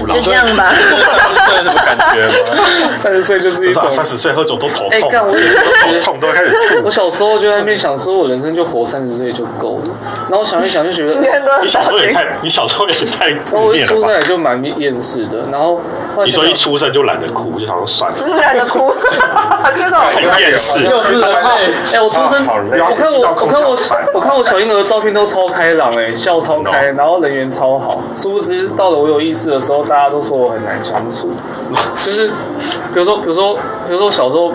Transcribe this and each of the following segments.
就就這樣吧，感覺三十歲就是一種、欸，三十歲喝酒都頭痛。哎，幹我，頭痛都開始吐。我小時候就在那邊想，說我人生就活三十歲就夠了。然後想一想就覺得你，你小時候也太 你小時候也太， 我一出生也就蠻厭世的。然後，後你說一出生就懶得哭，就想說算了，懶得哭，厭世哎、 欸，我出生，我看我我看我我看我小嬰兒的照片都超開朗、欸，哎，笑超開，no. 然後人緣超好。殊不知到了我有意識的時候。大家都說我很難相處，就是比如說，比如說，比如說小時候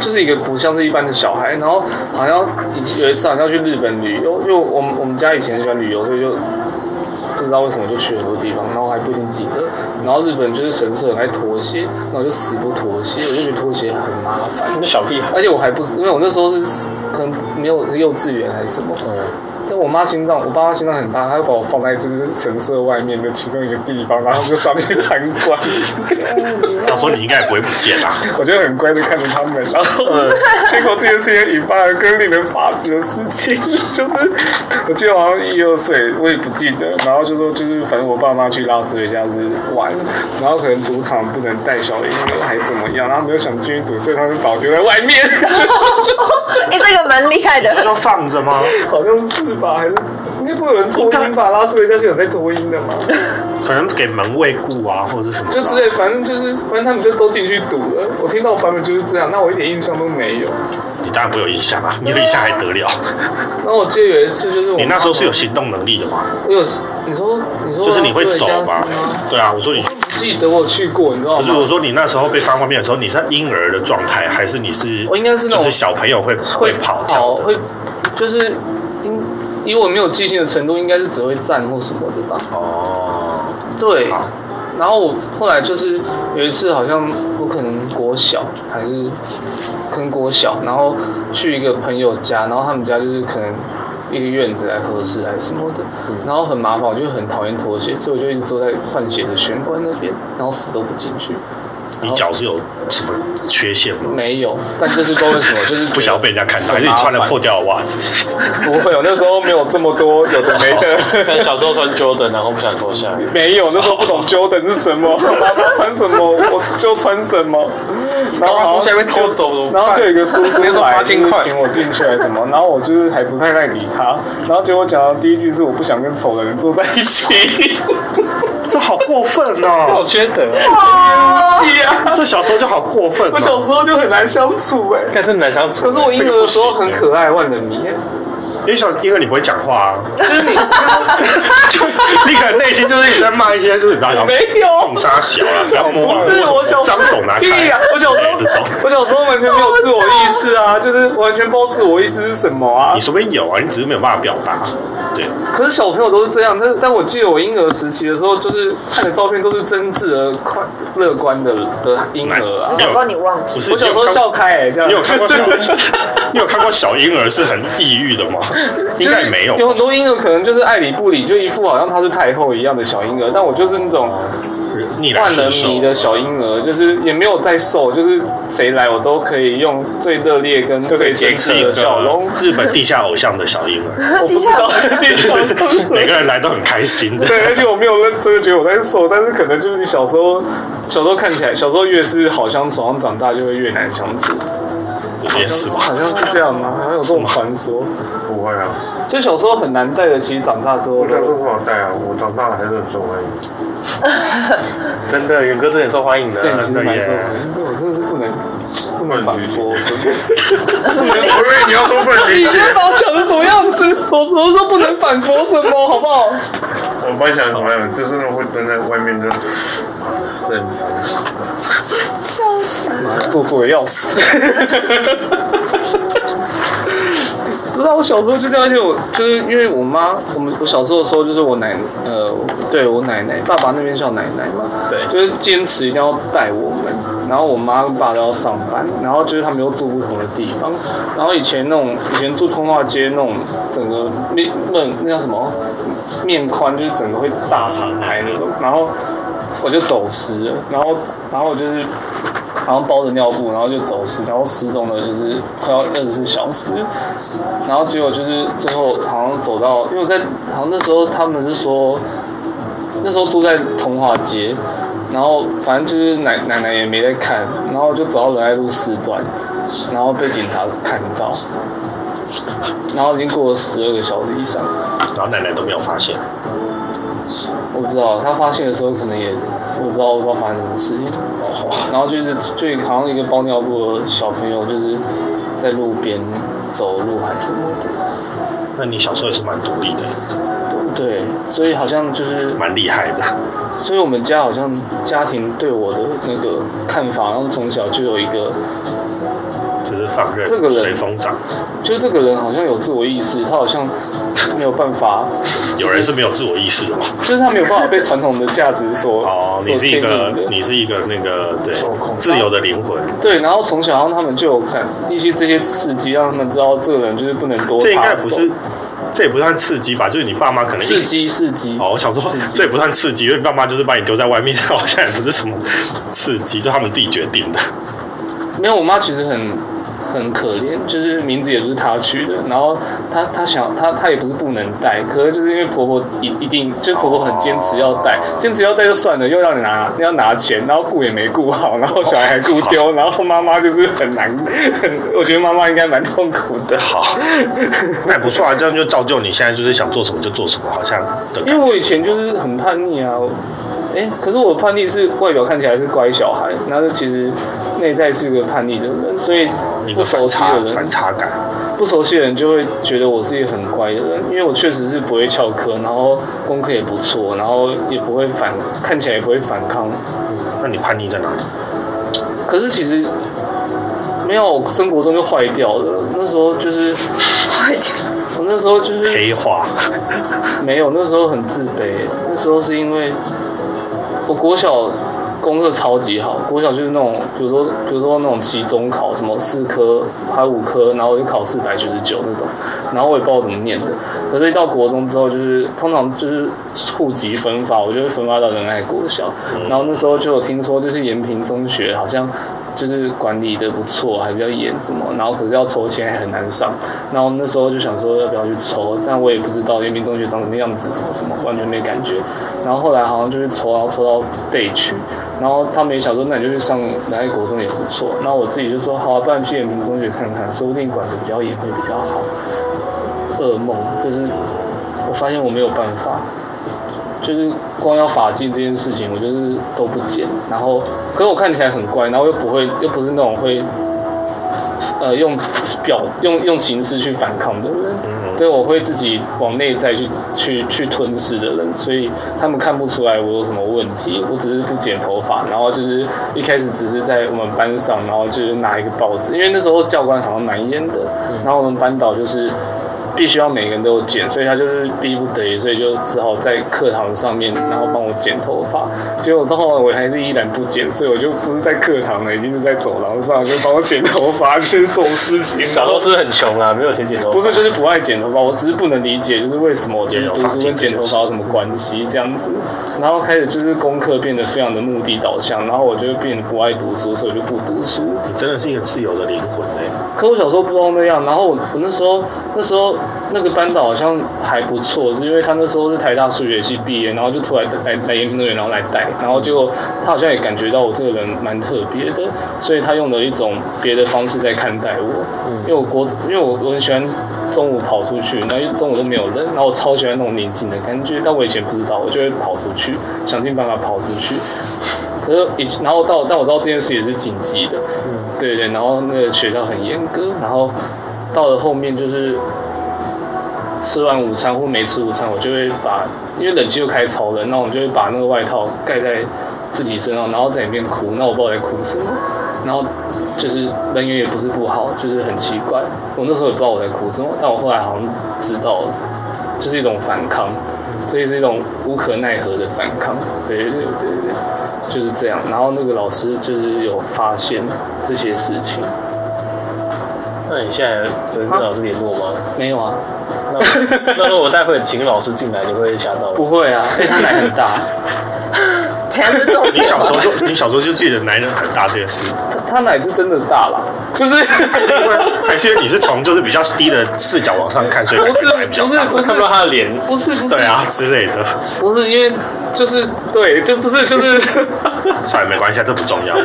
就是一個不像是一般的小孩，然後好像有一次好像去日本旅遊，就我們我們家以前喜歡旅遊，所以就不知道為什麼就去很多地方，然後還不一定記得。然後日本就是神社很愛脫鞋，然後就死不脫鞋，我就覺得脫鞋很麻煩。那小屁孩，而且我還不是因為我那時候是可能沒有幼稚園還是什麼、呃。就我媽心臟，我爸媽心臟很大，他會把我放在就是神社外面的其中一個地方，然後就上去參觀。 他說：“你應該也不會不見啊。”我覺得很乖的看着他們，然後結果、呃、 這件事情引發了更令人髮指的事情，就是我記得好像一二歲，我也不記得。然後就說，就是反正我爸媽去拉斯維加斯玩，然後可能賭場不能帶小孩，怎麼樣？然後沒有想進去賭，所以他們把我丟在外面。你、 欸、這個蠻厲害的，就 放着嗎？好像是。吧？還是應該不會有人托嬰吧？拉斯維加斯就是有在托嬰的嗎？可能給門衛顧啊，或者是什麼？ 就之類，反正就是，反正他們就都進去賭了。我聽到我版本就是這樣，那我一點印象都沒有。你當然沒有印象啊，啊，你有印象還得了？那我記得有一次就是我，你那時候是有行動能力的嗎？我有，你說，你說就是你會走嗎？對啊，我說你我不記得我去過，你知道嗎？不、就是，我說你那時候被放外面的時候，你是嬰兒的狀態，還是你是？我應該是那種小朋友會會跑跳，會就是。以我沒有記性的程度，應該是只會站或什麼的吧。哦，對。啊、然後我後來就是有一次，好像我可能國小還是跟國小，然後去一個朋友家，然後他們家就是可能一個院子來和室還是什麼的，嗯，然後很麻煩，我就很討厭脫鞋，所以我就一直坐在換鞋的玄關那邊，然後死都不進去。你腳是有什麼缺陷嗎？沒有，但這是為什麼？就是 不想被人家看到，還是你穿了破掉的襪子？不 會有，那時候沒有這麼多有的沒的。小時候穿喬丹然後不想脫下來。 沒有，那時候不懂喬丹是什麼，他穿什麼 我就穿什麼。然後從下面偷走，然後， 然後就有一個叔叔來、就是、請我進去還是什麼，然後我就是還不太愛理他。然後結果講到第一句是我不想跟醜的人坐在一起， 這好過分哦、啊， 這好缺德，啊！啊 這小時候就好過分，我小時候就很難相處哎、欸，是很難相處、欸。可是我嬰兒的時候很可愛，這個欸、萬人迷、啊。因為小嬰兒你不會講話啊，就是你， 就你可能內心就是一直在罵一些，就是大沒有，碰殺小了，然後不是我小時候張手拿開、啊、我小時候、欸、我小時候完全沒有自我意識啊，就是完全不知道自我意識是什麼啊，你說不定有啊，你只是沒有辦法表達，對，可是小朋友都是這樣，但但我記得我嬰兒時期的時候，就是看的照片都是真摯而快樂觀的的嬰兒啊，你說你忘我小時候笑開哎，這樣，你有看過小，你有看過小嬰兒是很抑鬱的嗎？應該沒有，就是、有很多嬰兒可能就是愛理不理，就一副好像他是太后一樣的小嬰兒。但我就是那種萬人迷的小嬰兒，就是也沒有在瘦，就是誰來我都可以用最熱烈跟最堅持的笑容。日本地下偶像的小嬰兒， 地下偶像的小嬰兒，我不知道，地下地下， 每個人來都很開心。對，而且我沒有說真的覺得我在瘦，但是可能就是小時候小時候看起來，小時候越是好相處，長大就會越難相處。也死好像是這樣嗎？啊？好像有這種傳說，不會啊。就小時候很難帶的，其實長大之後。小時候不好帶啊，我長大了還是很受歡迎。 真的，遠哥是很受歡迎的，啊，真的對對對。我真的是不能不能反駁什麼。我以因為你要說不 你先把我想成什麼樣子？ 我怎麼說不能反駁什麼？好不好？我把你想成什麼樣子？就是那種會蹲在外面就對，是，很作，笑死。做作的要死。 不知道，我小時候就這樣。而且我就是因為我媽，我們我小時候的時候就是我奶，呃，對我奶奶，爸爸那邊叫奶奶嘛。對，就是堅持一定要帶我們。然後我媽跟爸都要上班，然後就是他們又住不同的地方。然後以前那種，以前住通化街那種，整個面那那叫什麼面寬，就是整個會大敞開那種。然後我就走失了。然後然後就是。然後包着尿布，然後就走失，然後失蹤了，就是快要二十四小時，然後結果就是最後好像走到，因為我在好像那時候他們是說，那時候住在童話街，然後反正就是奶奶奶也沒在看，然後就走到仁愛路四段，然後被警察看到，然後已經過了十二個小時以上，然後奶奶都沒有發現。我不知道，他發現的時候可能也，我不知道，我不知道發生什麼事情。然後就是就好像一個包尿布的小朋友，就是在路邊走路還是什麼的。那你小時候也是蠻獨立的？對，所以好像就是。蠻厲害的。所以我們家好像家庭對我的那個看法，然後從小就有一個。就是放任，這個隨風長。就是這個人好像有自我意識，他好像沒有辦法。就是、 有人是沒有自我意識的嗎？就是他沒有辦法被傳統的價值所哦。你是一個，你是一個那個對自由的靈魂。對，然後從小他們就看一些這些刺激，讓他們知道這個人就是不能多。這應該不是，這也不算刺激吧？就是你爸媽可能刺激，刺激。哦，我想說這也不算刺激，因為爸媽就是把你丟在外面，好像也不是什麼刺激，就他們自己決定的。沒有，我媽其實很。很可憐，就是名字也不是他取的，然後他他想他他也不是不能帶，可是就是因為婆婆一一定，就婆婆很堅持要帶，堅持要帶就算了，又要拿，又要拿錢，然後顧也沒顧好，然後小孩還顧丟，然後媽媽就是很難很，我覺得媽媽應該蠻痛苦的。好，那 也不錯啊，這樣就造就你現在就是想做什麼就做什麼，好像。因為我以前就是很叛逆啊。哎、欸，可是我叛逆是外表看起來是乖小孩，但是其實內在是個叛逆的人，所以不熟悉的人反差感，不熟悉的人就會覺得我是一個很乖的人，因為我確實是不會翹課，然後功課也不錯，然後也不會反，看起來也不會反抗。嗯、那你叛逆在哪裡？可是其實沒有，我生活中就壞掉了。那時候就是壞掉，我那時候就是黑化。沒有，那時候很自卑、欸。那時候是因為。我國小功課超級好，國小就是那種，比如說，比如說那種期中考，什麼四科還有五科，然後我就考四百九十九那種，然後我也不知道怎麼念的。可是，一到國中之後，就是通常就是戶籍分發，我就會分發到仁愛國小。然後那時候就有聽說，就是延平中學好像。就是管理的不錯，還比較嚴什麼，然後可是要抽籤還很難上，然後那時候就想說要不要去抽，但我也不知道人民中學長什麼樣子什麼什麼，完全沒感覺。然後後來好像就是抽，然後抽到北區，然後他沒想到說那你就去上南一國中也不錯，然後我自己就說好啊，不然去人民中學看看，說不定管的比較嚴會比較好。噩夢，就是我發現我沒有辦法。就是光要髮禁這件事情，我就是都不剪。然後，可是我看起來很乖，然後又不會，又不是那種會，呃，用表用用形式去反抗的人，嗯。對，我會自己往內在去去去吞噬的人，所以他們看不出來我有什麼問題。我只是不剪頭髮，然後就是一開始只是在我們班上，然後就是拿一個報紙，因為那時候教官好像蠻嚴的，然後我們班導就是。必須要每個人都有剪，所以他就是逼不得已，所以就只好在課堂上面，然後幫我剪頭髮。結果之後我還是依然不剪，所以我就不是在課堂了，已經是在走廊上，就幫我剪頭髮、就是、這種事情。 小時候是很窮啊，沒有錢剪頭髮。不是，就是不愛剪頭髮，我只是不能理解，就是為什麼我覺得讀書跟剪頭髮有什麼關係這樣子。然後開始就是功課變得非常的目的導向，然後我就變得不愛讀書，所以我就不讀書。你真的是一個自由的靈魂、欸、可我小時候不知道那樣，然後我我那時候那時候。那時候那個班導好像還不錯，是因為他那時候是台大數學系畢業，然後就突然來來研一，那然後來帶，然後結果他好像也感覺到我這個人蠻特別的，所以他用了一種別的方式在看待我。嗯。因為我國，因為我我很喜歡中午跑出去，然後中午都沒有人，然後我超喜歡那種寧靜的感覺。但我以前不知道，我就會跑出去，想盡辦法跑出去。可是以前，然後到但我知道這件事也是禁忌的。嗯。對對，然後那個學校很嚴格，然後到了後面就是。吃完午餐或沒吃午餐，我就會把，因為冷氣又開超冷，那我就會把那個外套蓋在自己身上，然後在裡面哭。那我不知道我在哭什麼。然後就是人緣也不是不好，就是很奇怪。我那時候也不知道我在哭什麼，但我後來好像知道了，就是一種反抗，這也是一種無可奈何的反抗。對對對對對，就是這樣。然後那個老師就是有發現這些事情。那你現在有跟老師聯絡嗎？沒有啊那。那那如果我待會請老師進來，你會嚇到？不會啊，因為他奶很大，男 人你小時候就你小時候就記得奶很大這件事。他奶是真的大啦，就是還是因為還是因為你是從就是比較低的視角往上看，所以比較大，不是不是不是看不到他的臉，不是不是對啊之類的，不是啊、不是因為就是對，就不是就是，算了，沒關係、啊，這不重要，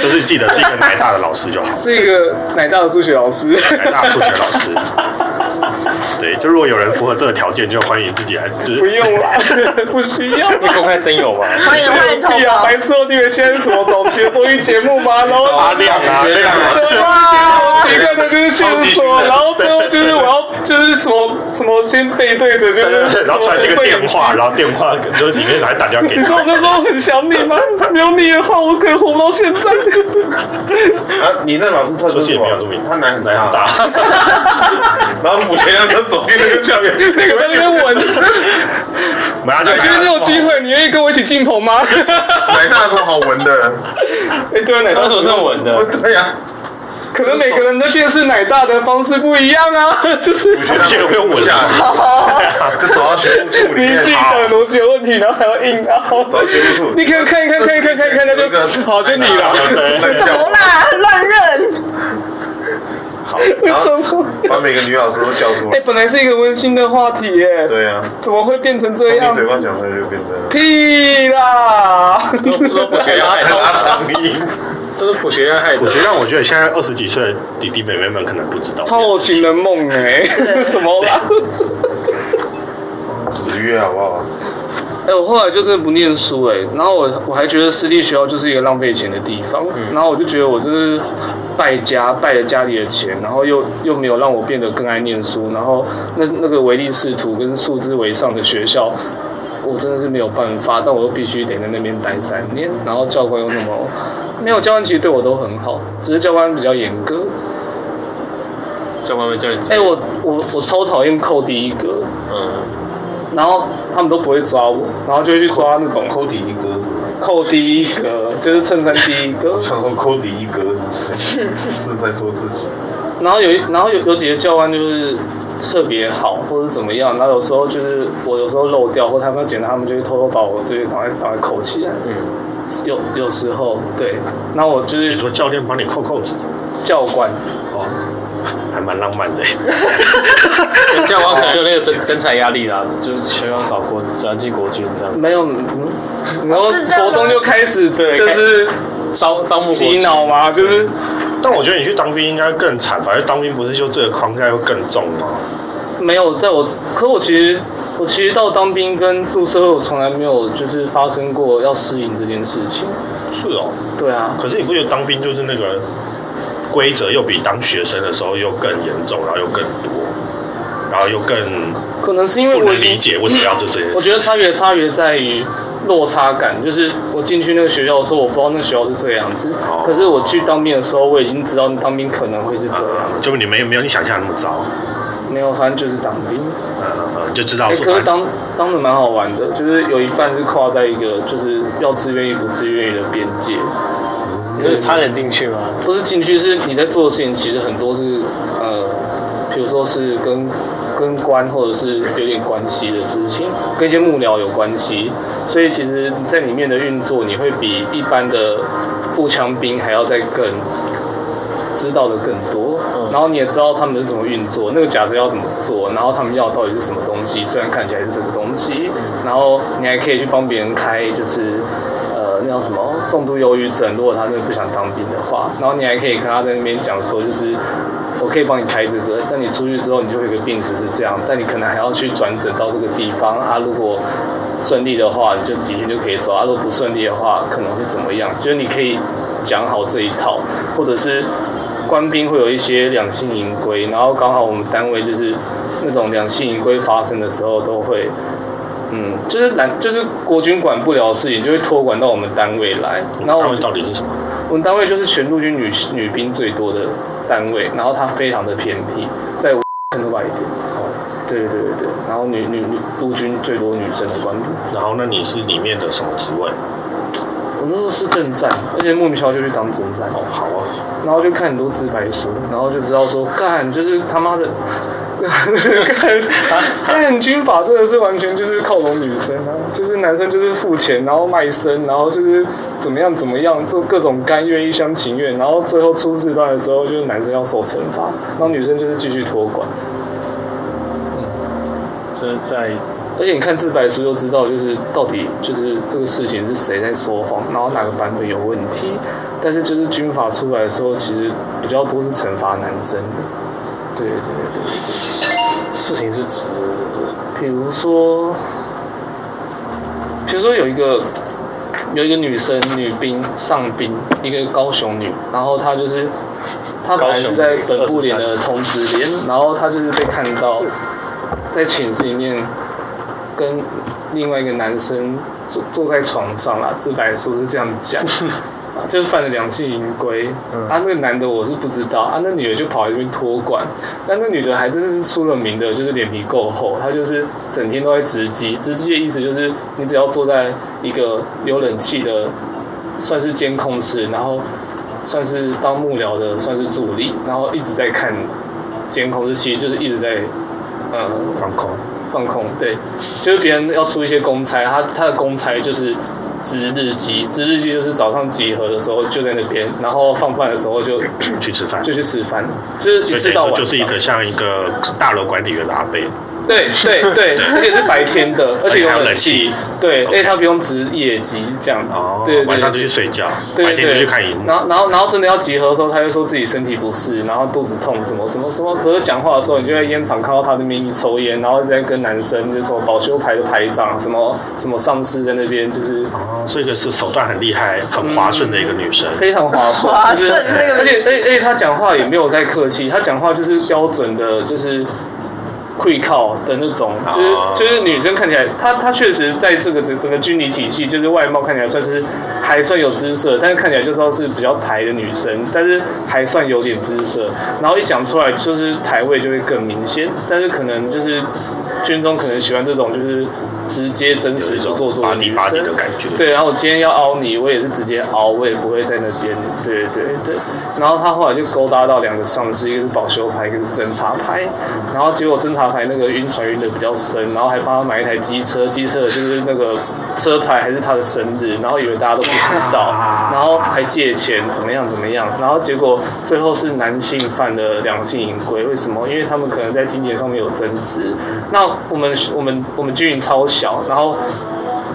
就是記得是一個奶大的老師，就好，是一個奶大的數學老師，奶大的數學老師。 對，就如果有人符合這個條件，就歡迎自己來。就是、不用了， 不需要。你公開真有嗎？歡迎萬通。哎呀、啊，白說 你以為現在是什麼早期綜藝節目嗎？然後打量啊，打、啊、對，啊，哇！我奇怪的就是線索，然後最後就是我要、就是、就是什麼什麼，先背對着，就是對對對然後傳一個電話，然後電話就是裡面來打電話給 你說，我那時候很想你嗎？他沒有你的話，我可以活到現在、 啊。你那老師特殊性比較著名，他奶奶很大， 然後目前。那個走邊那個下面？ 那個在那邊聞。我覺得你有機會，你願意跟我一起進棚嗎？奶大的時候好聞的、， 欸啊好的啊。哎、啊，對，奶大是正聞的。對呀，可能每個人的辨識奶大的方式不一樣啊，就是我就 我覺得這個不用我下來，就走到全部處理。你自己講的邏輯有問題，然後還要硬到。走學術，你可以看一看，看一看，看一看，那就好，就你了。怎麼啦？亂認。然後為什麼，把每個女老師都叫出來。哎、欸，本來是一個溫馨的話題耶。對呀、啊。怎麼會變成這樣？你嘴巴講出來就變這樣屁啦！都是普學院害的、啊。 都是普學院害的、啊 啊。普學，我覺得現在二十幾歲的弟弟妹妹們可能不知道。超情人夢哎、欸， 什麼啦？子 月好不好？哎、欸，我後來就真的不唸書哎，然後我我還覺得私立學校就是一個浪費錢的地方、嗯，然後我就覺得我就是敗家，敗了家裡的錢，然後又又沒有讓我變得更愛念書，然後那那個唯利是圖跟數字為上的學校，我真的是沒有辦法，但我又必須得在那邊待三年，然後教官又那麼，沒有教官其實對我都很好，只是教官比較嚴格，教官會叫你。哎、欸，我我我超討厭扣第一格。然後他們都不會抓我，然後就會去抓那種扣第一格，扣第一格 就是襯衫第一格。我想說，扣第一格是誰？是在說自己。然後有一，然後有有幾個教官就是特別好，或者怎麼樣。然後有時候就是我有時候漏掉，或他們有撿到，他們就會偷偷把我這些打開打開扣起來。嗯，有有時候對，那我就是你說教練幫你扣扣子，教官哦。還蠻浪漫的， 這樣我可能有那個徵徵才壓力啦，啊，就是需要找國，家進國軍這樣。沒有，嗯，然後國中就開始，就是，對，就是找招募洗腦嘛，就是。但我覺得你去當兵應該更慘，反正當兵不是就這個框，應該會更重嗎？ 沒有，在我，可我其實我其實到當兵跟入社會，我從來沒有就是發生過要適應這件事情。是哦。對啊。可是你不覺得當兵就是那個？規則又比當學生的時候又更嚴重，然後又更多，然後又更可能是因為我理解為什麼要做這件事。嗯。我覺得差別差別在於落差感，就是我進去那個學校的時候，我不知道那個學校是這樣子。可是我去當兵的時候，嗯嗯、我已經知道你當兵可能會是這樣子。嗯。就你沒有沒有你想象那麼糟。沒有，反正就是當兵。呃、嗯、就知道。可是，那個，當當的蠻好玩的，就是有一半是跨在一個就是要自願與不自願的邊界。可是你是插眼進去嗎？不是進去，是你在做的事情，其實很多是呃，比如說是跟跟官或者是有點關係的事情，跟一些幕僚有關係，所以其實在裡面的運作，你會比一般的步槍兵還要再更知道的更多。然後你也知道他們是怎麼運作，那個假設要怎麼做，然後他們要到底是什麼東西，雖然看起來是這個東西，然後你還可以去幫別人開，就是。呃，那叫什麼重度憂鬱症？如果他真的不想當兵的話，然後你還可以跟他在那邊講說，就是我可以幫你開這個。但你出去之後，你就會有個病史是這樣，但你可能還要去轉診到這個地方啊。如果順利的話，你就幾天就可以走，啊，如果不順利的話，可能會怎麼樣？就是你可以講好這一套，或者是官兵會有一些兩性營規，然後剛好我們單位就是那種兩性營規發生的時候都會。嗯，就是就是國軍管不了的事情，就會託管到我們單位來。然後我們、嗯、單位到底是什麼？我們單位就是全陸軍女女兵最多的單位，然後它非常的偏僻，在成都外頭哦，對對對對對。然後女女陸軍最多女生的官位。然後那你是裡面的什麼職位？我那時候是政戰，而且莫名其妙就去當政戰。哦，好啊。然後就看很多自白書，然後就知道說幹就是他媽的。 但軍法真的是完全就是靠攏女生啊，就是男生就是付錢，然後賣身，然後就是怎麼樣怎麼樣，就各種甘願一廂情願，然後最後出事端的時候就是男生要受懲罰，然後女生就是繼續托管。嗯，就是在，而且你看自白書就知道，就是到底就是這個事情是誰在說謊，然後哪個版本有問題，但是就是軍法出來的時候，其實比較多是懲罰男生。對對對。事情是值。比如說，比如說有一個有一個女生女兵上兵，一個高雄女，然後她就是她本來是在本部連的通知連，然後她就是被看到在寢室裡面跟另外一個男生坐坐在床上了，自白書是這樣講。 就犯了兩性營規，嗯，啊，那個男的我是不知道，啊，那女的就跑來這邊托管，但那女的還真的是出了名的，就是臉皮夠厚，她就是整天都在值機，值機的意思就是你只要坐在一個有冷氣的，算是監控室，然後算是當幕僚的，算是助理，然後一直在看監控室，其實就是一直在呃放空，放空，對，就是別人要出一些公差，他他的公差就是。值日記、值日記就是早上集合的時候就在那邊，然後放飯的時候就咳咳去吃飯，就去吃飯，就是一直到晚上，就是一個像一個大樓管理員的阿伯。 對對對，而且是白天的，而且有冷氣，對，所、okay. 以他不用值夜急這樣、oh, 對對對，晚上就去睡覺，對對對，白天就去看螢幕。然後然後然後真的要集合的時候，他就說自己身體不適，然後肚子痛什麼什麼什麼，什麼。可是講話的時候，你就在煙廠看到他那邊一抽煙，然後在跟男生，就是什麼保修排的排長，什麼什麼上司在那邊，就是，所以就是手段很厲害，很滑順的一個女生，非常滑順、滑順，而且而且他講話也沒有在客氣，他講話就是標準的，就是。會靠的那種，就是就是女生看起來，她她確實在這個整整個軍旅體系，就是外貌看起來算是還算有姿色，但是看起來就是說是比較台的女生，但是還算有點姿色，然後一講出來就是台味就會更明顯，但是可能就是軍中可能喜歡這種就是。直接真實就做你的感覺。對，然後我今天要凹你，我也是直接凹，我也不會在那邊，對對對。然後他後來就勾搭到兩個上司，一個是保修牌，一個是偵察牌。然後結果偵察牌那個暈船暈的比較深，然後還幫他買一台機車，機車就是那個車牌還是他的生日，然後以為大家都不知道，然後還借錢怎麼樣怎麼樣，然後結果最後是男性犯了兩性營規，為什麼？因為他們可能在金錢上面有爭執。那我們我們我們軍營超。然後，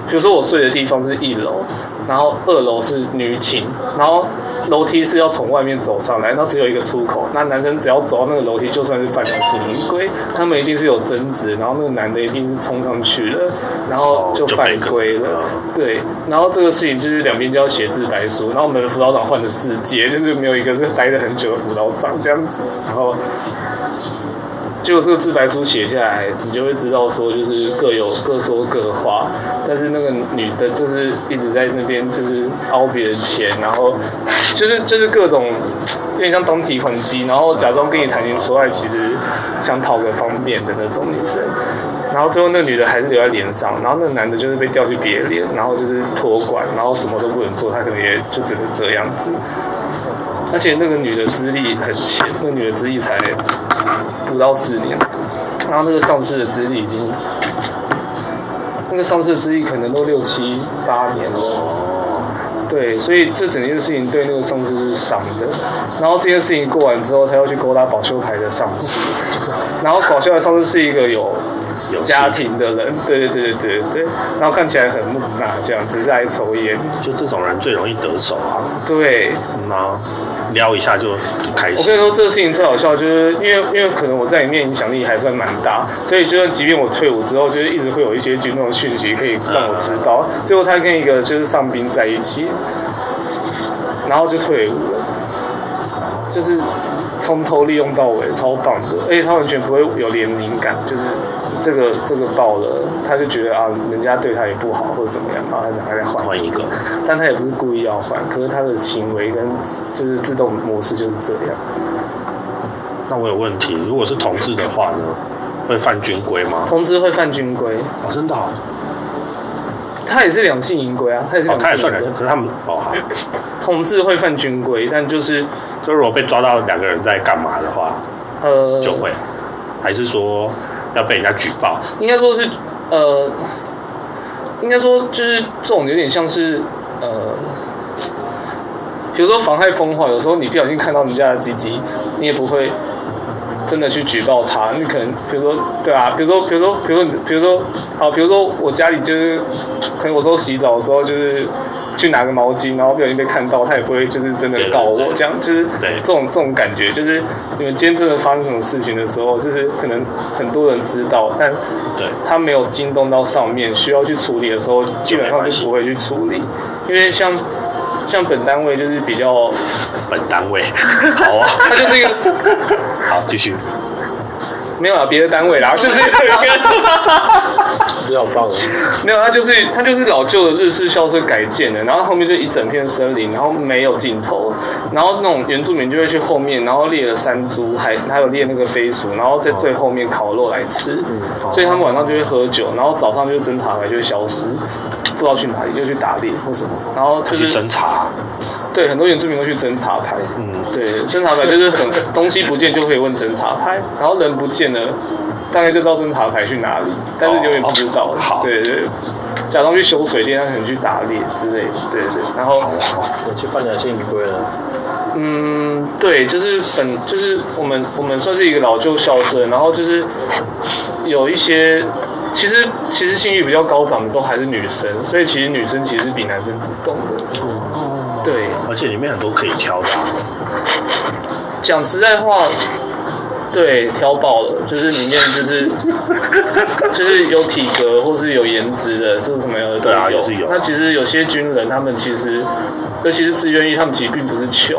比如說我睡的地方是一樓，然後二樓是女寢，然後樓梯是要從外面走上來，那只有一個出口，那男生只要走到那個樓梯，就算是犯了禁，因為他們一定是有爭執，然後那個男的一定是衝上去了，然後就犯規了。對，然後這個事情就是兩邊就要寫自白書，然後我們的輔導長換了四屆，就是沒有一個是待了很久的輔導長這樣子，然後。結果這個自白書寫下來，你就會知道說，就是各有各說各話。但是那個女的，就是一直在那邊，就是凹別人錢，然後就是就是各種，有點像當提款機，然後假裝跟你談情說愛，其實想討個方便的那種女生。然後最後那個女的還是留在連上，然後那個男的就是被調去別連，然後就是託管，然後什麼都不能做，他可能也就只能這樣子。而且那個女的資歷很淺，那個女的資歷才不到四年，然後那個上司的資歷已經，那個上司的資歷可能都六七八年了。哦。對，所以這整件事情對那個上司是傷的。然後這件事情過完之後，他要去勾搭保修牌的上司。然後，保修牌的上司是一個有家庭的人，對對對對對對。然後看起來很木訥，這樣子在抽煙。就這種人最容易得手啊。對。嗯、啊。撩一下就開心。我跟你說這個事情最好笑，就是因為因為可能我在裡面影響力還算蠻大，所以就算即便我退伍之後，就是一直會有一些軍中的訊息可以讓我知道，嗯。最後他跟一個就是上兵在一起，然後就退伍了，就是。從頭利用到尾，超棒的。而且他完全不會有憐憫感，就是這個這個爆了，他就覺得啊，人家對他也不好或者怎麼樣，然後他就還在換，換一個，但他也不是故意要換，可是他的行為跟就是自動模式就是這樣。那我有問題，如果是同志的話呢，會犯軍規嗎？同志會犯軍規啊、哦，真的、哦。他也是兩性營規啊，他也是、哦。他也算兩性，可是他們哦好，同志會犯軍規，但就是。就如果被抓到兩個人在干嘛的話，呃，就會，還是說要被人家舉報？應該說是，呃，應該說就是這種有點像是，呃，比如說妨害風化，有時候你不小心看到人家的雞雞，你也不會真的去舉報他。你可能比如說對吧、啊？比如說比如說比如說比如說，比如說好，比如說我家裡就是，可能我說洗澡的時候就是。去拿個毛巾，然後不小心被看到，他也不會就是真的告我，對對，這樣就是這種，對對，這種感覺，就是你們今天真的發生什麼事情的時候，就是可能很多人知道，但他沒有驚動到上面需要去處理的時候，基本上就不會去處理，因為像像本單位就是比較本單位，好啊，他就是一個 好繼續。沒有啊，別的單位啦， 就是哈哈哈比較棒的 沒有，它就是它就是老舊的日式校舍改建的，然後後面就一整片森林，然後沒有盡頭，然後那種原住民就會去後面，然後獵了山豬，還還有獵那個飛鼠，然後在最後面烤肉來吃，嗯啊，所以他們晚上就會喝酒，然後早上就偵查來就會消失。不知道去哪裡，就去打獵或什麼，然後就是、去偵查，對，很多原住民會去偵查排，嗯，對，偵查排就是很 東西不見就可以問偵查排，然後人不見了，大概就知道偵查排去哪裡，但是永遠不知道、哦哦，對好對，對，假裝去修水電，他可能去打獵之類的，對對，然後，啊啊、我去放養金魚龜了，嗯，對，就是本就是我們我們算是一個老舊校舍，然後就是有一些。其實其實性慾比較高漲的都還是女生，所以其實女生其實是比男生主動的，嗯，對。而且裡面很多可以挑的，啊，講實在話，對，挑爆了，就是裡面就是 就是有體格或是有顏值的，是什麼樣的？對啊，就是，有啊。那其實有些軍人他們其實，尤其是自願役，他們其實並不是窮。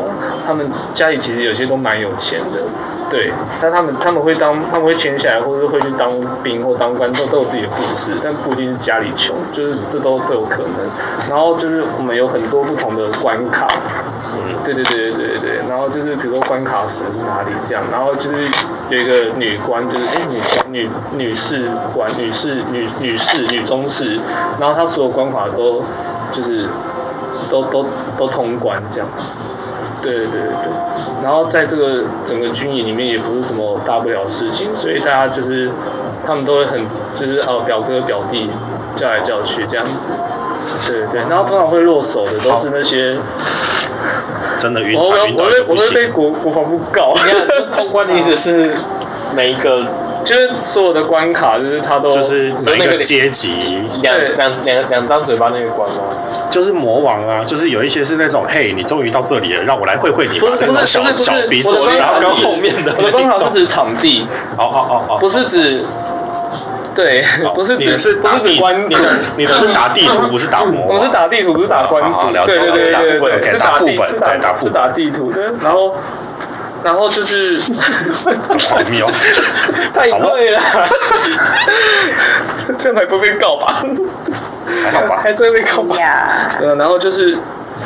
他們家裡其實有些都蠻有錢的，對，但他們他們會當，他們會簽下來，或者會去當兵或當官，都都有自己的故事。但不一定是家裡窮，就是這都都有可能。然後就是我們有很多不同的關卡，嗯，對、嗯、對對對對對。然後就是比如說關卡時是哪裡這樣，然後就是有一個女官，就是誒、欸，女女女士官、女士女女士，女，女，士女中士，然後她所有關卡都就是都都都通關這樣。對對對，對，然後在這個整個軍營裡面也不是什麼大不了的事情，所以大家就是他們都會很就是哦，表哥表弟叫來叫去這樣子，對對，然後通常會落手的都是那些 真的暈船暈倒也不行。我我會被被國國防部告。通 關的意思是每一個。就是所有的關卡，就是他都就是每一個階級個，兩兩兩兩張嘴巴那個關嗎？就是魔王啊，就是有一些是那種，嘿，你終於到這裡了，讓我來會會你吧。不是不是，就是不是，是然後跟後面的，我剛好是指場地，好好好好，不是指對，不是指是，不是指關，你的，你的 你的你的不是打地圖， 不是打魔，我們是打地圖，不是打關子，對對對對對，是打副本，是打副本是打地圖，對、啊，然、啊、後。啊啊然後就是 太累了， 這還不被告吧？ 還好吧？還真的被告吧？yeah。然後就是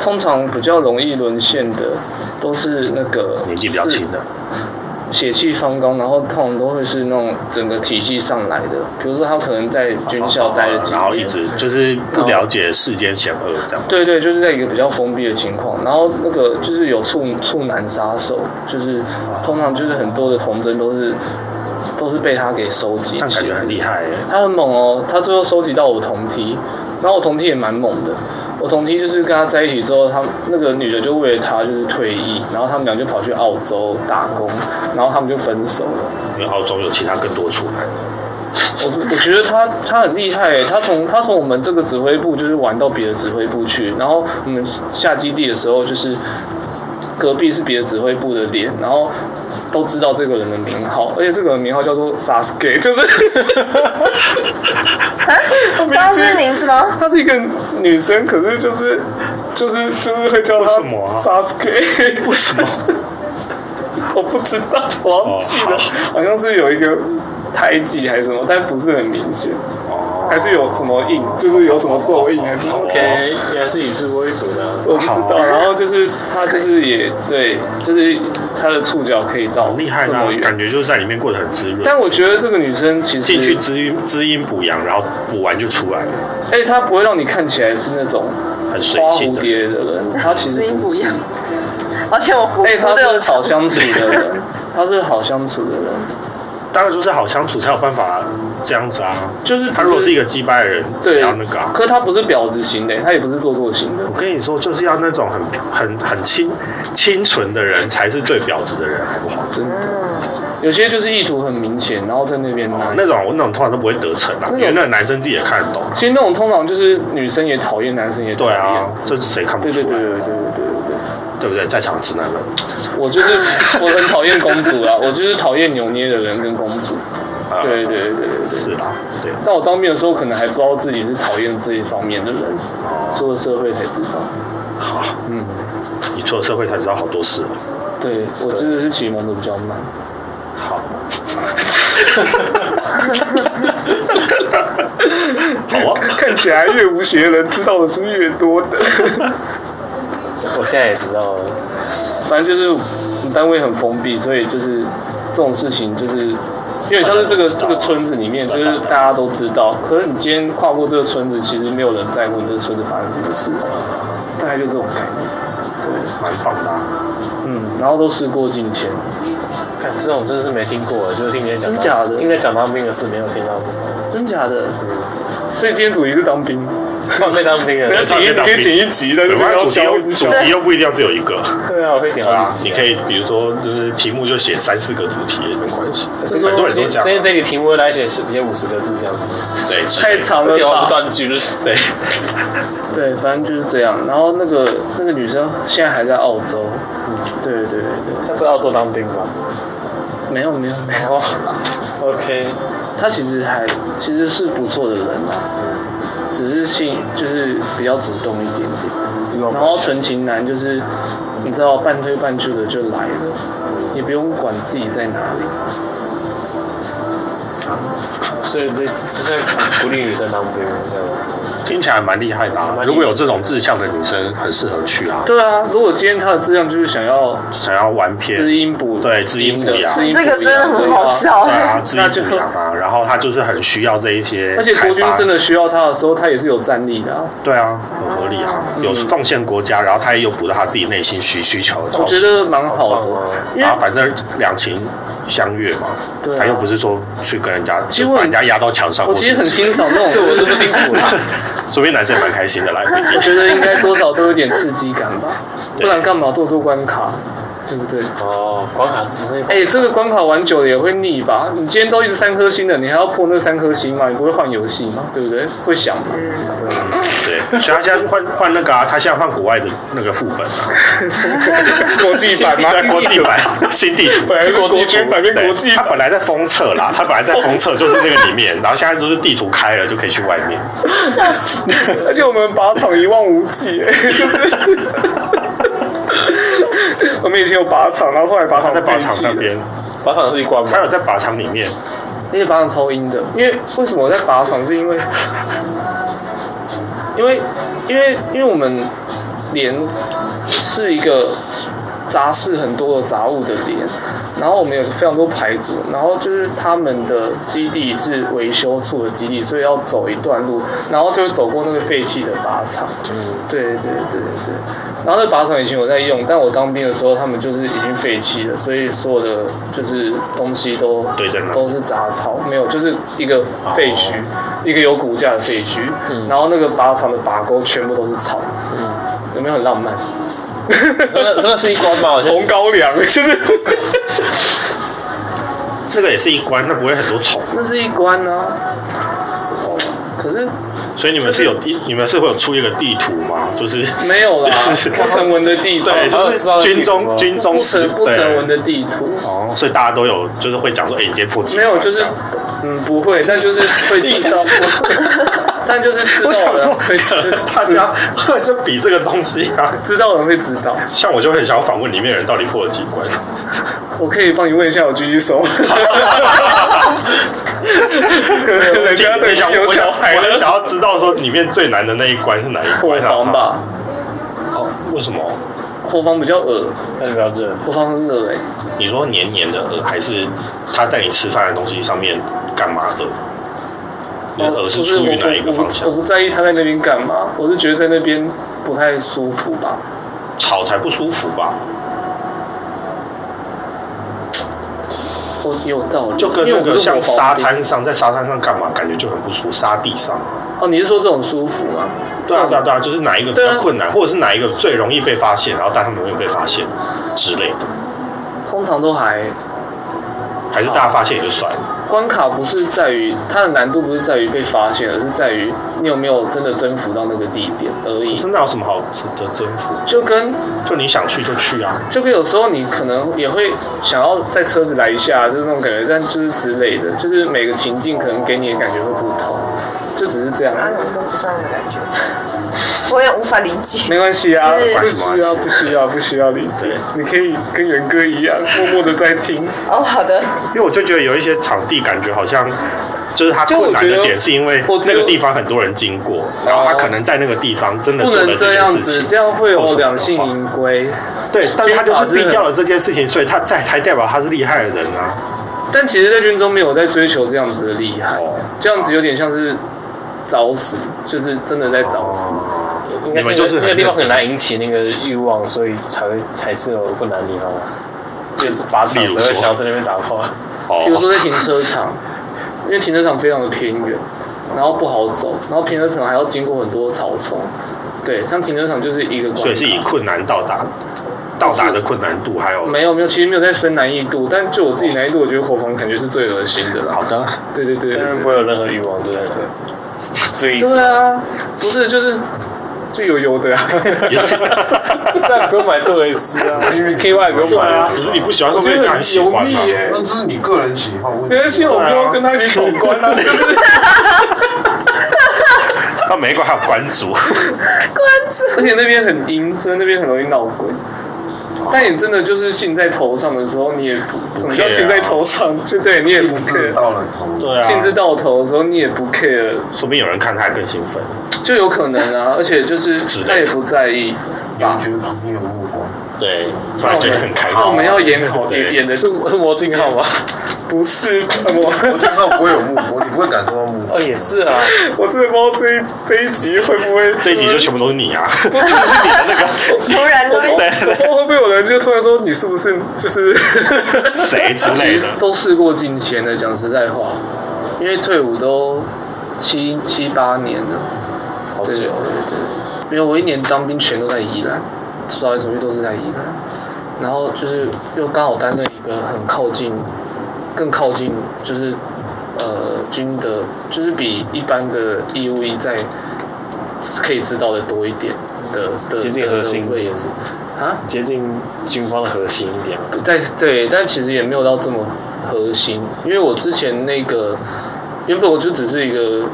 通常比較容易淪陷的，都是那個年紀比較輕的。血氣方剛，然後通常都會是那種整個體系上來的。比如說他可能在軍校待了幾年，好好好好好，然後一直就是不了解世間險惡這樣。對對，就是在一個比較封閉的情況，然後那個就是有處處男殺手，就是通常就是很多的童貞都是都是被他給收集起來。很厲害，他很猛哦。他最後收集到我童體，然後我童體也蠻猛的。我同 T 就是跟他在一起之後，他那個女的就為了他就是退役，然後他們倆就跑去澳洲打工，然後他們就分手了。因為澳洲有其他更多出來？我我覺得他他很厲害，他從他從我們這個指揮部就是玩到別的指揮部去，然後我們下基地的時候就是。隔壁是別的指揮部的臉，然後都知道這個人的名號，而且這個人名號叫做 Sasuke 就是、 啊、我不知道是名字嗎？她是一個女生，可是就是就是就是會叫她 Sasuke 為什麼、啊、 為什麼？ 我不知道，我忘記了、啊，好像是有一個胎記還是什麼，但不是很明顯。還是有什麼印，就是有什麼作用，OK，也還是隱私為主的。我不知道，然後就是他就是也對，就是他的觸角可以到厲害嗎、啊？感覺就是在裡面過得很滋潤。但我覺得這個女生其實進去滋陰滋陰補陽，然後補完就出來了。哎、欸，她不會讓你看起來是那種很花蝴蝶的人。她其實滋陰補陽，而且我哎，她、欸、是好相處的人，她 是好相處的人。當然就是好相處才有辦法這樣子啊！就是，就是他如果是一個雞巴的人，對啊，那個可是他不是婊子型的，他也不是做作型的。我跟你說，就是要那種很、很、很清清純的人，才是對婊子的人還不好。真的。有些就是意圖很明顯，然後在那邊那種，我那種通常都不會得逞啊，因為那個男生自己也看得懂。其實那種通常就是女生也討厭，男生也對啊，這是誰看不懂？對對對對對對對對，對不對？在場直男們，我就是我很討厭公主啊，我就是討厭扭捏的人跟。公主，對對，對對對是啦，啊，對。但我當兵的時候，可能還不知道自己是討厭這一方面的人，啊，出了社會才知道。好，嗯，你出了社會才知道好多事、啊、對，我真的是啟蒙的比較慢。好， 好啊， 看起來越無邪的人，知道的是越多的。 我現在也知道了，反正就是單位很封閉，所以就是。這種事情就是，因為像是這個這個村子裡面，就是大家都知道。可是你今天跨過這個村子，其實沒有人在乎你這個村子發生什麼事。大概就這種概念。對，蠻棒的。嗯，然後都事過境遷。看這種真的是沒聽過，就是聽人家講。真假的。應該講當兵的事，沒有聽到這種。真假的。所以今天主題是當兵。我 被當兵了 可以剪一集的。主要主題，主題又不一定要只有一個。對啊，我可以剪啊。你可以比如說，就是題目就寫三四個主題也沒關係、就是。很多人都這樣講今天這裡題目來寫十寫五十個字這樣子。對，太長久了，不斷句就是。對，對, 對，反正就是這樣。然後那個那個女生現在還在澳洲。嗯、對對對她在澳洲當兵吧？沒有沒有沒有。沒有 OK，她其實還其實是不錯的人吶、啊。嗯只是性就是比較主動一點點，然後純情男就是你知道半推半就的就來了，也不用管自己在哪裡。啊？所以這這在鼓勵女生當兵，知道聽起來蠻厲害的，啊，如果有這種志向的女生，很適合去啊。對啊，如果今天她的志向就是想要想要玩片滋陰補，對滋陰補啊，這個真的很好笑。滋陰補啊，啊 那就，然後她就是很需要這一些，而且國軍真的需要她的時候，她也是有戰力的，啊。對啊，很合理啊，嗯、有奉獻國家，然後她也有補到她自己內心需需求的。我覺得蠻好的，反正兩情相悅嘛，她又不是說去跟人家把人家壓到牆上，我其實很輕鬆那種事， 是我是不清楚的。 所以男生也蠻開心的啦。 我覺得應該多少都有點刺激感吧，不然幹嘛做做關卡？對不對？哦，關卡是哎、欸，這個關卡玩久了也會膩吧？你今天都一直三顆星的，你還要破那三顆星嘛？你不會換遊戲嘛？對不對？會想嘛。嗯，對對。所以他現在換換那個、啊，他現在換國外的那個副本，啊。國際版嗎？國際版，新地圖。國際版本來是國對。他本來在封測啦，他本來在封測，就是那個裡面，然後現在都是地圖開了就可以去外面。嚇死笑死！而且我們靶場一望無際，欸， 我們以前有靶場，然後後來靶場在靶場那邊，靶場是一關嗎？還有在靶場裡面，因為靶場超陰的。因為為什麼我在靶場？是因為 因為因為因為我們連是一個。雜事很多的雜物的臉，然後我們有非常多牌子，然後就是他們的基地是維修處的基地，所以要走一段路，然後就會走過那個廢棄的靶場，就是。嗯，對對對對，然後那靶場以前我在用，但我當兵的時候他們就是已經廢棄了，所以所有的就是東西都對、啊、都是雜草，沒有就是一個廢墟、哦，一個有骨架的廢墟、嗯。然後那個靶場的靶溝全部都是草。嗯。有沒有很浪漫？那 那是，是，是，是一關吧？紅高粱就是， 這個也是一關，那不會很多蟲。那是一關呢、啊。可是，所以你們是有地、就是，你們是會有出一個地圖嗎？就是沒有啦，不成文的地圖，對，就是軍中軍中是不成文的地圖。哦，所以大家都有，就是會講說，哎、欸，這破沒有，就是嗯，不會，但就是會知道。 你是笑但就是，我，我想說，大家會就比這個東西啊，知道的人會知道。像我就很想要訪問裡面的人到底過了幾關，啊，我可以幫你問一下我狙擊手。哈哈哈哈，我就想要知道說裡面最難的那一關是哪一關？伙房吧。哦。為什麼？伙房比較惡，是伙房很噁心，欸。你說黏黏的惡還是他在你吃飯的東西上面幹嘛的？你的耳是出於哪一個方向、啊我我，我是在意他在那邊幹嘛，我是覺得在那邊不太舒服吧。吵才不舒服吧。我有道理。就跟那個像沙灘上，在沙灘上幹嘛，感覺就很不舒服，沙地上。哦、啊，你是說這種舒服嗎？對啊，對啊，對啊，就是哪一個比較困難，啊、或者是哪一個最容易被發現，然後大家容易被發現之類的。通常都還，還是大家發現也就算了。啊關卡不是在於它的難度，不是在於被發現，而是在於你有沒有真的征服到那個地點而已。真的有什麼好值得征服？就跟就你想去就去啊，就跟有時候你可能也會想要在車子來一下，就那種感覺，但就是之類的，就是每個情境可能給你的感覺會不同。就只是這樣，跟不上的感覺，我也無法理解。沒關係啊，不需要，不需要，不需要理解。你可以跟元哥一樣，默默的在聽。哦，好的。因為我就覺得有一些場地，感覺好像就是他困難的點，是因為那個地方很多人經過，然後他可能在那個地方真的做了這件事情。這樣會有兩性營規。對，但他就是避掉了這件事情，所以他在才代表他是厲害的人啊。但其實，在軍中沒有在追求這樣子的厲害，這樣子有點像是。找死，就是真的在找死。哦、應該是，就是因為那個地方很難引起那個慾望，所以才會才是有困難地方。就是把自己整想要在那邊打破。比如說在停車場，哦，因為停車場非常的偏遠，然後不好走，然後停車場還要經過很多草叢。對，像停車場就是一個關卡，所以是以困難到達，到達的困難度還有沒有沒有，其實沒有在分難易度，但就我自己難易度，哦、我覺得伙房感覺是最噁心的了。好的對對對對，對對對，不會有任何慾望，對對對。是對啊，不是就是就油油的啊，yeah. 這樣你不用買杜蕾斯啊 ，K Y 也不用買啊。可、啊、是你不喜歡，啊啊、所以沒人喜歡他。那這是你個人喜好，啊，沒關係，我沒有跟他一起闖關啊。 就是、 他每個還有關主，關主，而且那邊很陰森，那邊很容易鬧鬼。但你真的就是興在頭上的時候，你也不，不、啊、什麼叫興在頭上？就對你也不 care，興致到頭，對啊，興致到頭的時候你也不 care。說不定有人看他還更興奮，就有可能啊。而且就是他 也不在意，感覺朋友。對，突然覺得很開心那我。我們要演演的是是魔鏡號嗎？不是，我魔魔鏡號不會有目， 你不會敢說目。哦也是啊，我真的不知道這一這一集會不會。這一集就，就，就全部都是你啊！全 部是你的那個。 突然，對對對，後面有人就突然說：“你是不是就是誰 之類的？”都事過境遷的。講實在話，因為退伍都七七八年了，好久了。沒有，我一年當兵全都在宜蘭。道要程序都是在醫的，然後就是又剛好擔任一個很靠近，更靠近就是呃軍的，就是比一般的義務役，在可以知道的多一點的的、的、的。接近核心位置。啊，接近軍方的核心一點但、啊、對，但其實也沒有到這麼核心，因為我之前那個原本我就只是一個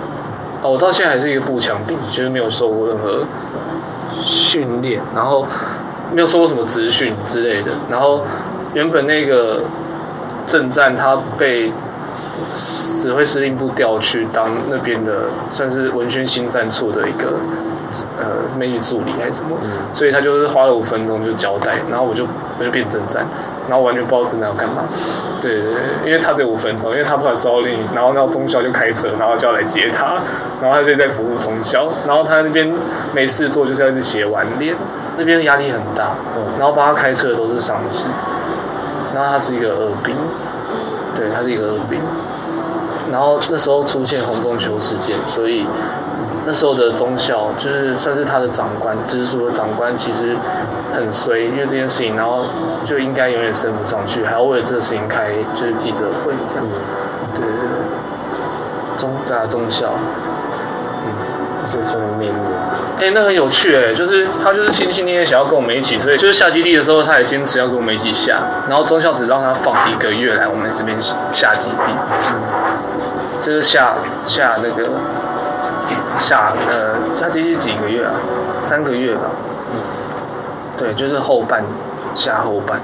啊，我到現在還是一個步槍兵，就是沒有受過任何。訓練，然後沒有受過什麼職訓之類的。然後原本那個政戰他被指揮司令部調去當那邊的，算是文宣心戰處的一個呃美女助理還是什麼、嗯。所以他就是花了五分鐘就交代，然後我就我就變政戰。然後完全不知道真的要幹嘛，對，因為他只有五分鐘，因為他不然收鈴，然後那個中校就開車，然後就要來接他，然後他就在服務中校，然後他那邊沒事做，就是要一直寫完練，那邊壓力很大，嗯，然後幫他開車的都是上士，然後他是一個二兵，對，他是一個二兵，然後那時候出現洪仲丘事件，所以。那時候的中校就是算是他的長官，直屬的長官其實很衰，因為這件事情，然後就應該永遠升不上去，還要為了這個事情開就是記者會。這、嗯、對對對，中大中校，嗯，就這是什麼命？哎、欸，那很有趣哎、欸，就是他就是心心念念想要跟我們一起，所以就是下基地的時候，他也堅持要跟我們一起下。然後中校只讓他放一個月來我們這邊下基地，嗯、就是下下那個。下呃，下接近幾個月啊，三個月吧。嗯，對，就是後半，下後半。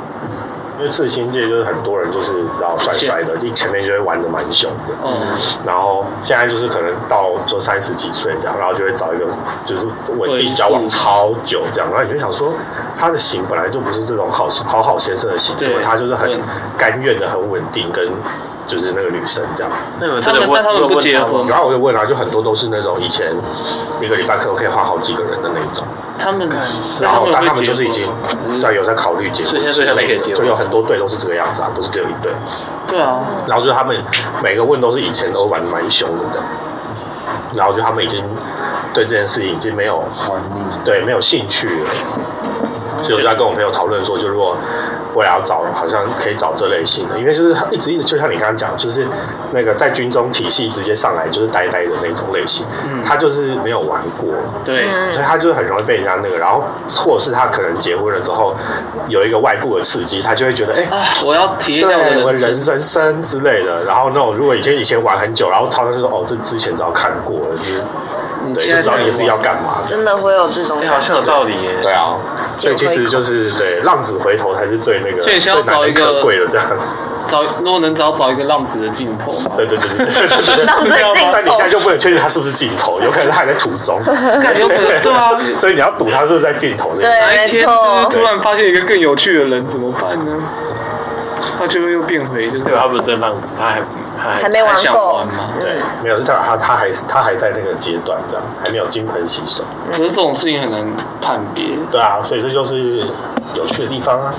因為刺青界就是很多人就是比較帥帥的，就前面就會玩得蠻兇的。嗯，然後現在就是可能到做三十幾歲這樣，然後就會找一個就是穩定交往超久這樣，然後你就想說，他的型本來就不是這種好好、好先生的型，對他就是很甘願的很穩定跟。就是那個女生這樣，那真的問他們，那他們不結婚。然後我就問了、啊，就很多都是那種以前一個禮拜課可，可以換好幾個人的那種。他們，然後但他們就是已經對有在考慮結婚，所以他們以就有很多對都是這個樣子啊，不是只有一對。對啊。然後就他們每個問都是以前都玩的蠻凶的這樣。然後就他們已經對這件事情已經沒有對沒有興趣了，所以我就在跟我朋友討論說，就如果。我也要找好像可以找這類型的，因為就是他一直一直就像你剛剛講，就是那個在軍中體系直接上來就是呆呆的那種類型，嗯，他就是沒有玩過，對，所以他就是很容易被人家那個，然後或者是他可能結婚了之後有一個外部的刺激，他就會覺得哎，我要體驗我的人生人生之類的，然後那種如果以前以前玩很久，然後他他就說哦，這之前早看過了，就是，對，就知道你是要幹嘛，真的會有這種、哎，好像有道理耶對，對啊。所以其實就是對浪子回頭才是最那個，要個最難得可貴的這樣找，如果能找找一個浪子的鏡頭嗎？對對對對，對，對，對， 但你現在就不能確定他是不是鏡頭，有可能他還在途中 對，對啊，所以你要賭他就是在鏡頭。對，對，對，對，突然發現一個更有趣的人怎麼辦呢？他最後又變回就是對，他不是浪子，他還。還，還沒玩夠嗎？對，沒有，他他他還是他還在那個階段，這樣還沒有金盆洗手。嗯。可是這種事情很難判別，對啊，所以這就是有趣的地方啊。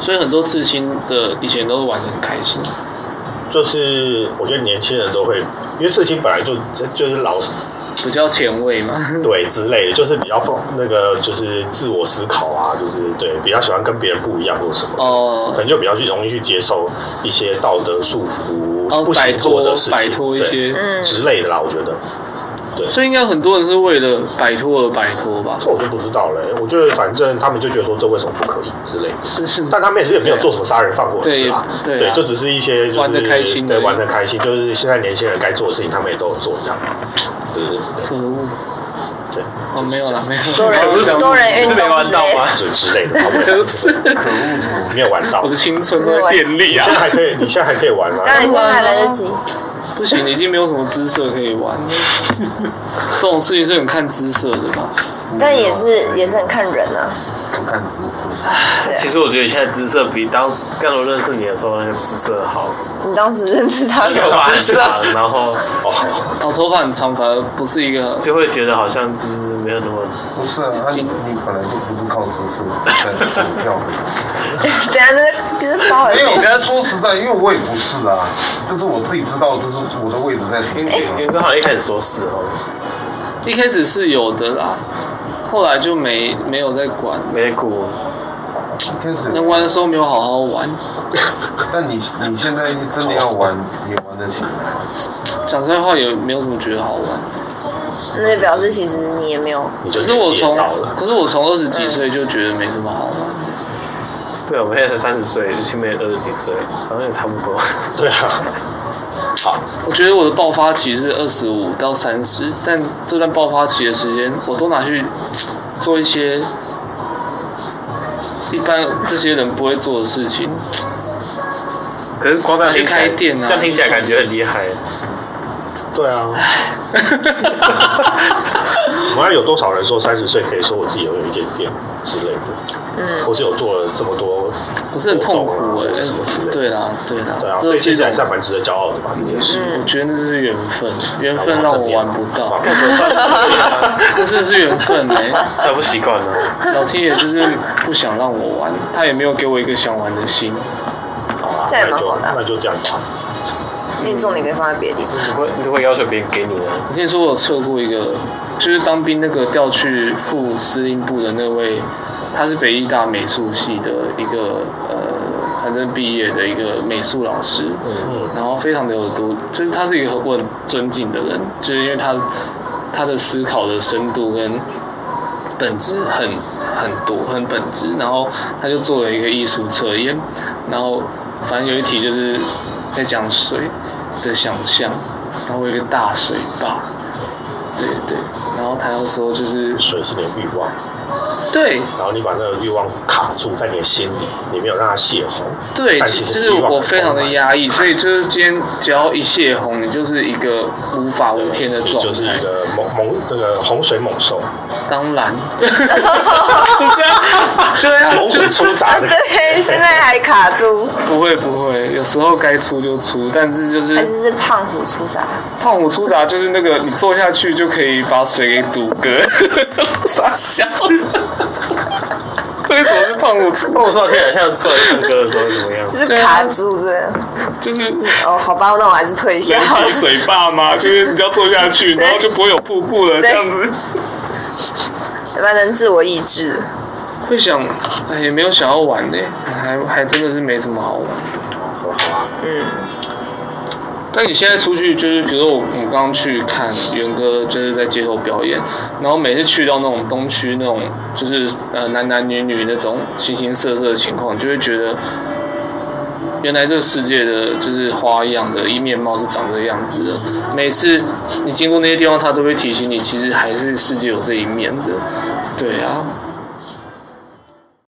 所以很多刺青的以前都玩得很開心，就是我覺得年輕人都會，因為刺青本來就就是老。比較前衛嘛，對，之類的就是比較放那個，就是自我思考啊，就是對，比較喜歡跟別人不一樣或者什麼哦，oh. 可能就比較去容易去接受一些道德束縛，oh, 不想做的事情，擺脫一些對、嗯，之類的啦，我覺得。對所以應該很多人是為了擺脫而擺脫吧？這我就不知道了、欸、我覺得反正他們就覺得說這為什麼不可以之類的。是是。但他們也是也沒有做什麼殺人放火的事啊。對，對啊。對，就只是一些就是玩得對玩得開心，就是現在年輕人該做的事情，他們也都有做這樣。對對對。對可惡。對、就是。哦，沒有了，沒有了。很多人，是，多人是，是沒玩到嗎？就 之類的。可 惡、哦，沒有玩到。 我的青春都在電力。現在還可以， 你現在還可以玩嗎、啊？還來得及。不行，你已經沒有什麼姿色可以玩了。 這種事情是很看姿色的吧？但也是也是很看人啊。其實我覺得你現在姿色比當時剛我認識你的時候那個姿色好。你當時認識他有鬍子，然後， 然後哦哦頭髮很長，反而不是一個就會覺得好像就是沒有那麼。不是啊，那、啊、你你本來就不是靠姿色 在跳。這樣子其實沒有。說實在，因為我也不是啊，就是我自己知道，就是我的位置在什麼地方。你這好一開始說是哦，一開始是有的啦。後來就沒沒有再管沒過。那玩的時候沒有好好玩。但你你現在真的要玩， 也玩得起嗎？講真話也沒有什麼覺得好玩。那就表示其實你也沒有可就沒。可是我從可是我從二十幾歲就覺得沒什麼好玩，嗯。對啊，我現在才三十歲，前面二十幾歲好像也差不多。 對啊。好，我覺得我的爆發期是二十五到三十，但這段爆發期的時間，我都拿去做一些一般這些人不會做的事情。可是光在開店啊，這樣聽起來感覺很厲害，嗯。對啊， 我要有多少人說三十歲可以說我自己有一間店之類的。嗯，我是有做了這麼多。不是很痛苦哎、欸，對啦，對啦，對啊，這個其實還是蠻值得驕傲的吧？我覺得那是緣分，緣分讓我玩不到，真、啊、的 是緣分哎、欸！他也不習慣呢，老天爺就是不想讓我玩，他也沒有給我一個想玩的心。好吧、啊，那就這樣子。你重點可以放在別的地方。你會，你會要求別人給你的。我跟你說，我有測過一個，就是當兵那個調去副司令部的那位。他是北藝大美術系的一個呃，反正畢業的一個美術老師。嗯嗯，然後非常的有讀，就是他是一個很很尊敬的人，就是因為他他的思考的深度跟本質很很多，很本質。然後他就做了一個藝術測驗，然後反正有一題就是在講水的想象，然後有一個大水壩，對對，然後他要說就是水是你的欲望。對，然後你把那個慾望卡住在你的心裡，你沒有讓它泄洪。對，但其實，就是我非常的壓抑，所以就是今天只要一泄洪，你就是一個無法無天的狀態，就是一個猛猛那個洪水猛獸。當然，哈 哈、 啊、就是猛虎出閘。 對，現在還卡住。不會不會，有時候該出就出，但是就是還是是胖虎出閘。胖虎出閘就是那個你坐下去就可以把水給堵隔， 傻笑。， 為什麼是胖虎？胖虎昨天晚上出來唱歌的時候怎麼樣？就是卡住是是，這樣。就是哦，好吧，那我還是退一下。像破水壩嗎？就是你只要坐下去，然後就不會有瀑布了，這樣子。然能自我抑制。不想，也沒有想要玩呢、欸，還還真的是沒什麼好玩。哦、好玩嗯。但你現在出去，就是比如說我，我剛剛去看元哥，就是在街頭表演。然後每次去到那種東區那種，就是呃男男女女那種形形色色的情況，就會覺得原來這個世界的就是花一樣的一面貌是長這個樣子的。每次你經過那些地方，他都會提醒你，其實還是世界有這一面的，對啊。